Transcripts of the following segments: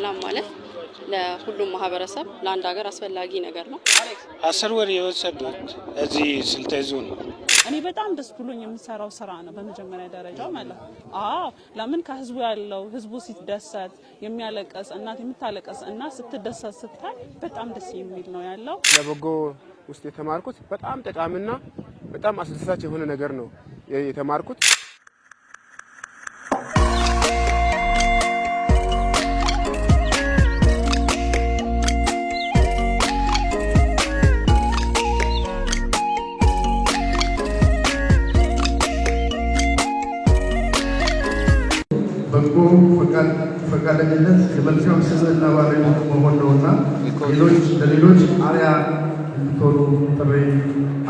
ሰላም ማለት ለሁሉም ማህበረሰብ ለአንድ ሀገር አስፈላጊ ነገር ነው። አስር ወር የወሰዱት እዚህ ስልጤ ዞን ነው። እኔ በጣም ደስ ብሎኝ የምሰራው ስራ ነው። በመጀመሪያ ደረጃ ማለት አዎ፣ ለምን ከህዝቡ ያለው ህዝቡ ሲደሰት የሚያለቀስ እናት የምታለቀስ እና ስትደሰት ስታይ በጣም ደስ የሚል ነው ያለው። ለበጎ ውስጥ የተማርኩት በጣም ጠቃሚና በጣም አስደሳች የሆነ ነገር ነው የተማርኩት። ፈቃደኝነት የመልካም ስብዕና ባለቤት መሆን ነውና ሌሎች ለሌሎች አርያ እንድትሆኑ ጥሪ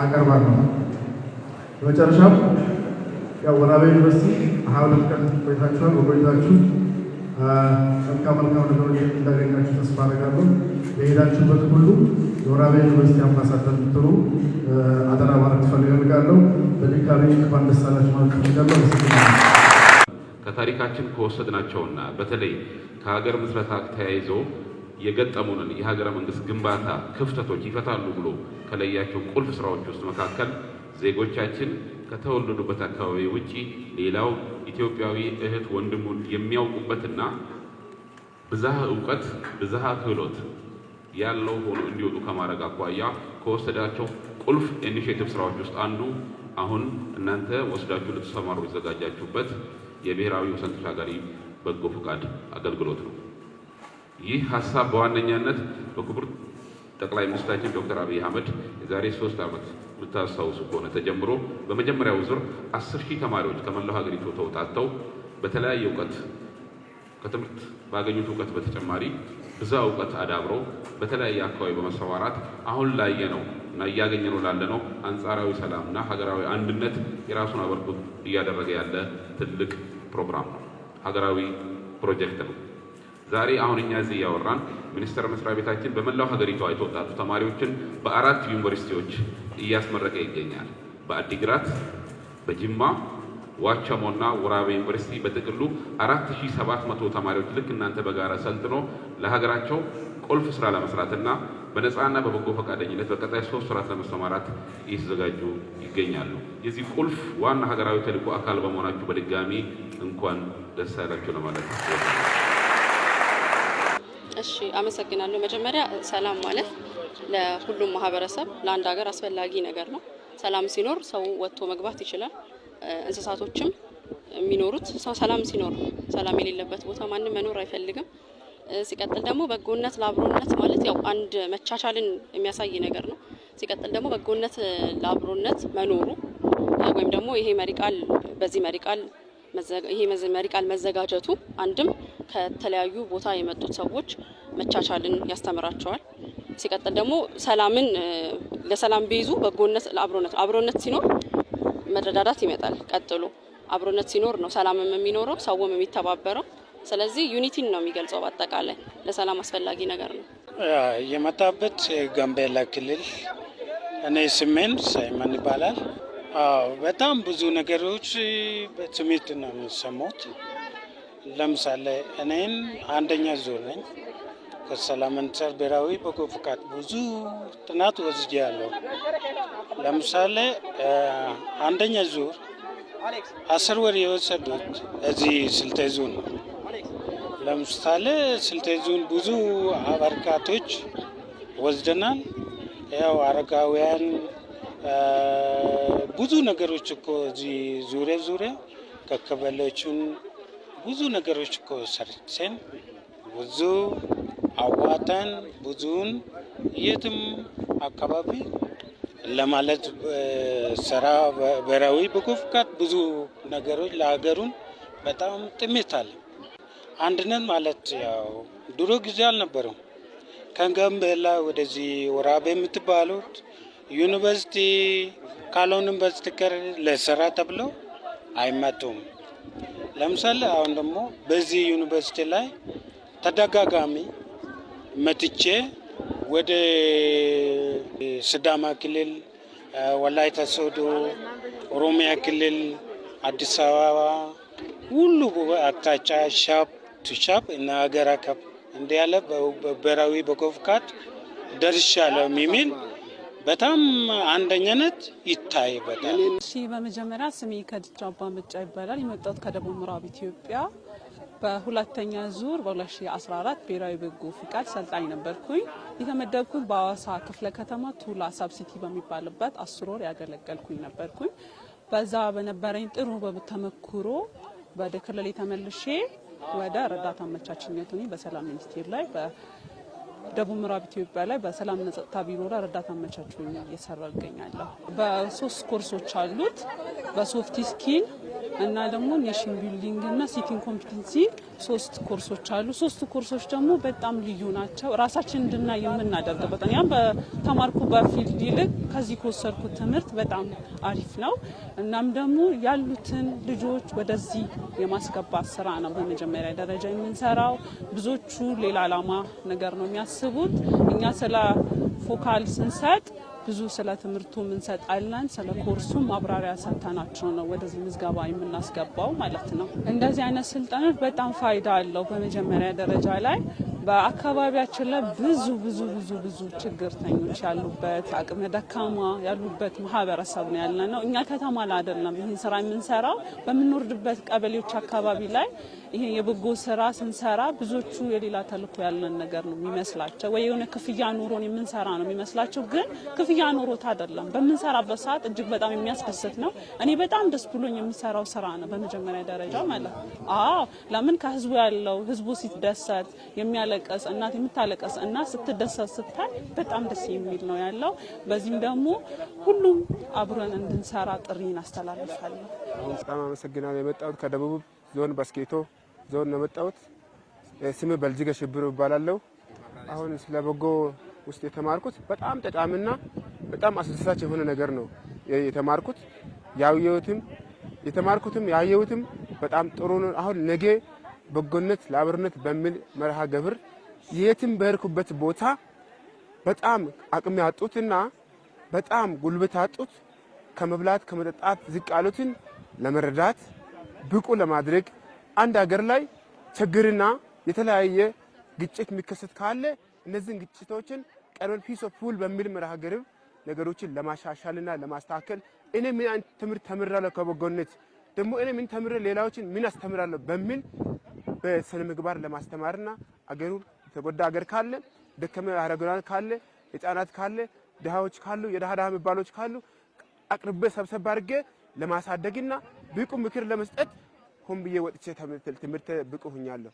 አቀርባለሁ። በመጨረሻም ያው ወራቤ ዩኒቨርሲቲ ሀያ ሁለት ቀን ቆይታችኋል። በቆይታችሁ መልካም መልካም ነገሮች እንዳገኛችሁ ተስፋ አደርጋለሁ። የሄዳችሁበት ሁሉ የወራቤ ዩኒቨርሲቲ አምባሳደር እንድትሆኑ አደራ ማለት ፈልጋለሁ። በድጋሚ እንኳን ደስ አላችሁ ማለት ፈልጋለሁ። ከታሪካችን ከወሰድናቸውና በተለይ ከሀገር ምስረታ ተያይዞ የገጠሙንን የሀገረ መንግስት ግንባታ ክፍተቶች ይፈታሉ ብሎ ከለያቸው ቁልፍ ስራዎች ውስጥ መካከል ዜጎቻችን ከተወለዱበት አካባቢ ውጪ ሌላው ኢትዮጵያዊ እህት ወንድሙን የሚያውቁበትና ብዝሃ እውቀት ብዝሃ ክህሎት ያለው ሆኖ እንዲወጡ ከማድረግ አኳያ ከወሰዳቸው ቁልፍ ኢኒሽቲቭ ስራዎች ውስጥ አንዱ አሁን እናንተ ወስዳችሁ ልትሰማሩ የዘጋጃችሁበት የብሔራዊ ወሰን ተሻጋሪ በጎ ፈቃድ አገልግሎት ነው። ይህ ሀሳብ በዋነኛነት በክቡር ጠቅላይ ሚኒስትራችን ዶክተር አብይ አህመድ የዛሬ ሶስት ዓመት የምታስታውሱ ከሆነ ተጀምሮ በመጀመሪያው ዙር አስር ሺህ ተማሪዎች ከመላው ሀገሪቱ ተውጣተው በተለያየ እውቀት ከትምህርት ባገኙት እውቀት በተጨማሪ ብዛ እውቀት አዳብረው በተለያየ አካባቢ በመሰማራት አሁን ላየ ነው እና እያገኘ ነው ላለ ነው አንጻራዊ ሰላምና ሀገራዊ አንድነት የራሱን አበርክቶ እያደረገ ያለ ትልቅ ፕሮግራም ነው፣ ሀገራዊ ፕሮጀክት ነው። ዛሬ አሁን እኛ እዚህ እያወራን ሚኒስቴር መስሪያ ቤታችን በመላው ሀገሪቷ የተወጣጡ ተማሪዎችን በአራት ዩኒቨርሲቲዎች እያስመረቀ ይገኛል። በአዲግራት፣ በጅማ፣ ዋቸሞና ወራቤ ዩኒቨርሲቲ በጥቅሉ 4700 ተማሪዎች ልክ እናንተ በጋራ ሰልጥኖ ለሀገራቸው ቁልፍ ስራ ለመስራትና በነፃና በበጎ ፈቃደኝነት በቀጣይ ሶስት ስራት ለመሰማራት እየተዘጋጁ ይገኛሉ። የዚህ ቁልፍ ዋና ሀገራዊ ተልቆ አካል በመሆናችሁ በድጋሚ እንኳን ደስ ያላችሁ ለማለት እሺ፣ አመሰግናለሁ። መጀመሪያ ሰላም ማለት ለሁሉም ማህበረሰብ ለአንድ ሀገር አስፈላጊ ነገር ነው። ሰላም ሲኖር ሰው ወጥቶ መግባት ይችላል። እንስሳቶችም የሚኖሩት ሰው ሰላም ሲኖር፣ ሰላም የሌለበት ቦታ ማንም መኖር አይፈልግም። ሲቀጥል ደግሞ በጎነት ለአብሮነት ማለት ያው አንድ መቻቻልን የሚያሳይ ነገር ነው። ሲቀጥል ደግሞ በጎነት ለአብሮነት መኖሩ ወይም ደግሞ ይሄ መሪ ቃል በዚህ መሪ ቃል ይሄ መሪ ቃል መዘጋጀቱ አንድም ከተለያዩ ቦታ የመጡት ሰዎች መቻቻልን ያስተምራቸዋል። ሲቀጥል ደግሞ ሰላምን ለሰላም ቤዙ በጎነት ለአብሮነት አብሮነት ሲኖር መረዳዳት ይመጣል። ቀጥሎ አብሮነት ሲኖር ነው ሰላምም የሚኖረው ሰውም የሚተባበረው። ስለዚህ ዩኒቲን ነው የሚገልጸው። በአጠቃላይ ለሰላም አስፈላጊ ነገር ነው የመጣበት ጋምቤላ ክልል። እኔ ስሜን ሳይመን ይባላል። በጣም ብዙ ነገሮች በትምህርት ነው የሚሰሙት። ለምሳሌ እኔን አንደኛ ዙር ነኝ ከሰላም አንጻር ብሔራዊ በጎ ፈቃድ ብዙ ጥናት ወስጄ ያለው ለምሳሌ አንደኛ ዙር አስር ወር የወሰዱት እዚህ ስልጤ ዞን ነው። ለምሳሌ ስልጤ ዞን ብዙ አበርካቶች ወስደናል። ያው አረጋውያን ብዙ ነገሮች እኮ እዚህ ዙሪያ ዙሪያ ከከበሌዎቹን ብዙ ነገሮች እኮ ሰርተን ብዙ አዋተን ብዙውን የትም አካባቢ ለማለት ስራ ብሔራዊ በኮፍቃት ብዙ ነገሮች ለሀገሩን በጣም ጥሜት አለ። አንድነት ማለት ያው ድሮ ጊዜ አልነበረም። ከጋምቤላ ወደዚህ ወራቤ የምትባሉት ዩኒቨርሲቲ ካልሆንም በስተቀር ለስራ ተብሎ አይመጡም። ለምሳሌ አሁን ደግሞ በዚህ ዩኒቨርሲቲ ላይ ተደጋጋሚ መትቼ ወደ ስዳማ ክልል፣ ወላይታ ሶዶ፣ ኦሮሚያ ክልል፣ አዲስ አበባ ሁሉ አቅጣጫ ሻፕ ቱሻፕ እና ሀገር አቀፍ እንዲ ያለ በብሔራዊ በጎ ፍቃድ ደርሻለሁ የሚል በጣም አንደኛነት ይታይበታል። እሺ፣ በመጀመሪያ ስሜ ከድጃ አባ መጫ ይባላል። የመጣሁት ከደቡብ ምዕራብ ኢትዮጵያ በሁለተኛ ዙር በ2014 ብሔራዊ በጎ ፍቃድ ሰልጣኝ ነበርኩኝ። የተመደብኩኝ በአዋሳ ክፍለ ከተማ ቱላ ሳብሲቲ በሚባልበት አስር ወር ያገለገልኩኝ ነበርኩኝ። በዛ በነበረኝ ጥሩ በተመክሮ ወደ ክልል የተመልሼ ወደ ረዳት አመቻችነት እኔ በሰላም ሚኒስቴር ላይ በደቡብ ምዕራብ ኢትዮጵያ ላይ በሰላም ጸጥታ ቢሮ ላይ ረዳት አመቻቹኝ እየሰራ ይገኛለሁ። በሶስት ኮርሶች አሉት። በሶፍት ስኪል እና ደግሞ ኔሽን ቢልዲንግ እና ሲቲንግ ኮምፒቲንሲ ሶስት ኮርሶች አሉ። ሶስት ኮርሶች ደግሞ በጣም ልዩ ናቸው። ራሳችን እንድናይ የምናደርግበት ያም በተማርኩ በፊልድ ይልቅ ከዚህ ከወሰድኩት ትምህርት በጣም አሪፍ ነው። እናም ደግሞ ያሉትን ልጆች ወደዚህ የማስገባት ስራ ነው በመጀመሪያ ደረጃ የምንሰራው። ብዙዎቹ ሌላ አላማ ነገር ነው የሚያስቡት። እኛ ስለ ፎካል ስንሰጥ ብዙ ስለ ትምህርቱም እንሰጣለን፣ ስለ ኮርሱ ማብራሪያ ሰጥተናቸው ነው ወደዚህ ምዝገባ የምናስገባው ማለት ነው። እንደዚህ አይነት ስልጠኖች በጣም ፋይዳ አለው። በመጀመሪያ ደረጃ ላይ በአካባቢያችን ላይ ብዙ ብዙ ብዙ ብዙ ችግርተኞች ያሉበት አቅመ ደካማ ያሉበት ማህበረሰብ ነው ያለ ነው። እኛ ከተማ ላይ አይደለም ይህን ስራ የምንሰራው፣ በምንወርድበት ቀበሌዎች አካባቢ ላይ ይሄ የበጎ ስራ ስንሰራ ብዙዎቹ የሌላ ተልእኮ ያለን ነገር ነው የሚመስላቸው፣ ወይ የሆነ ክፍያ ኑሮን የምንሰራ ነው የሚመስላቸው። ግን ክፍያ ኑሮት አይደለም። በምንሰራበት ሰዓት እጅግ በጣም የሚያስደስት ነው። እኔ በጣም ደስ ብሎኝ የምሰራው ስራ ነው በመጀመሪያ ደረጃ ማለት አዎ። ለምን ከህዝቡ ያለው ህዝቡ ሲደሰት የሚያለቀስ እናት የምታለቀስ እና ስትደሰት ስታይ በጣም ደስ የሚል ነው ያለው። በዚህም ደግሞ ሁሉም አብረን እንድንሰራ ጥሪ እናስተላልፋለን። በጣም አመሰግናለሁ። የመጣሁት ከደቡብ ዞን ባስኬቶ ዞን ነው የመጣሁት። ስም በልጅገ ሽብሩ እባላለሁ። አሁን ስለ በጎ ውስጥ የተማርኩት በጣም ጠቃሚና በጣም አስደሳች የሆነ ነገር ነው የተማርኩት። ያየሁትም የተማርኩትም ያየሁትም በጣም ጥሩ ነው። አሁን ነገ በጎነት ለአብሮነት በሚል መርሃ ግብር የትም በርኩበት ቦታ በጣም አቅም ያጡትና በጣም ጉልበት አጡት ከመብላት ከመጠጣት ዝቅ ያሉትን ለመረዳት ብቁ ለማድረግ አንድ ሀገር ላይ ችግርና የተለያየ ግጭት የሚከሰት ካለ እነዚህን ግጭቶችን ቀርበን ፒስ ኦፍ ፑል በሚል መርሃ ግብር ነገሮችን ለማሻሻልና ለማስተካከል እኔ ምን አይነት ትምህርት ተምራለሁ፣ ከበጎነት ደግሞ እኔ ምን ተምሬ ሌላዎችን ምን አስተምራለሁ በሚል በስነ ምግባር ለማስተማርና አገሩ የተጎዳ አገር ካለ ደከመ አረጋውያን ካለ ህጻናት ካለ ድሃዎች ካሉ የድሃ ድሃ የሚባሎች ካሉ አቅርቤ ሰብሰብ አድርጌ ለማሳደግና ብቁ ምክር ለመስጠት ሆን ብዬ ወጥቼ ትምህርት ብቁ ሁኛለሁ።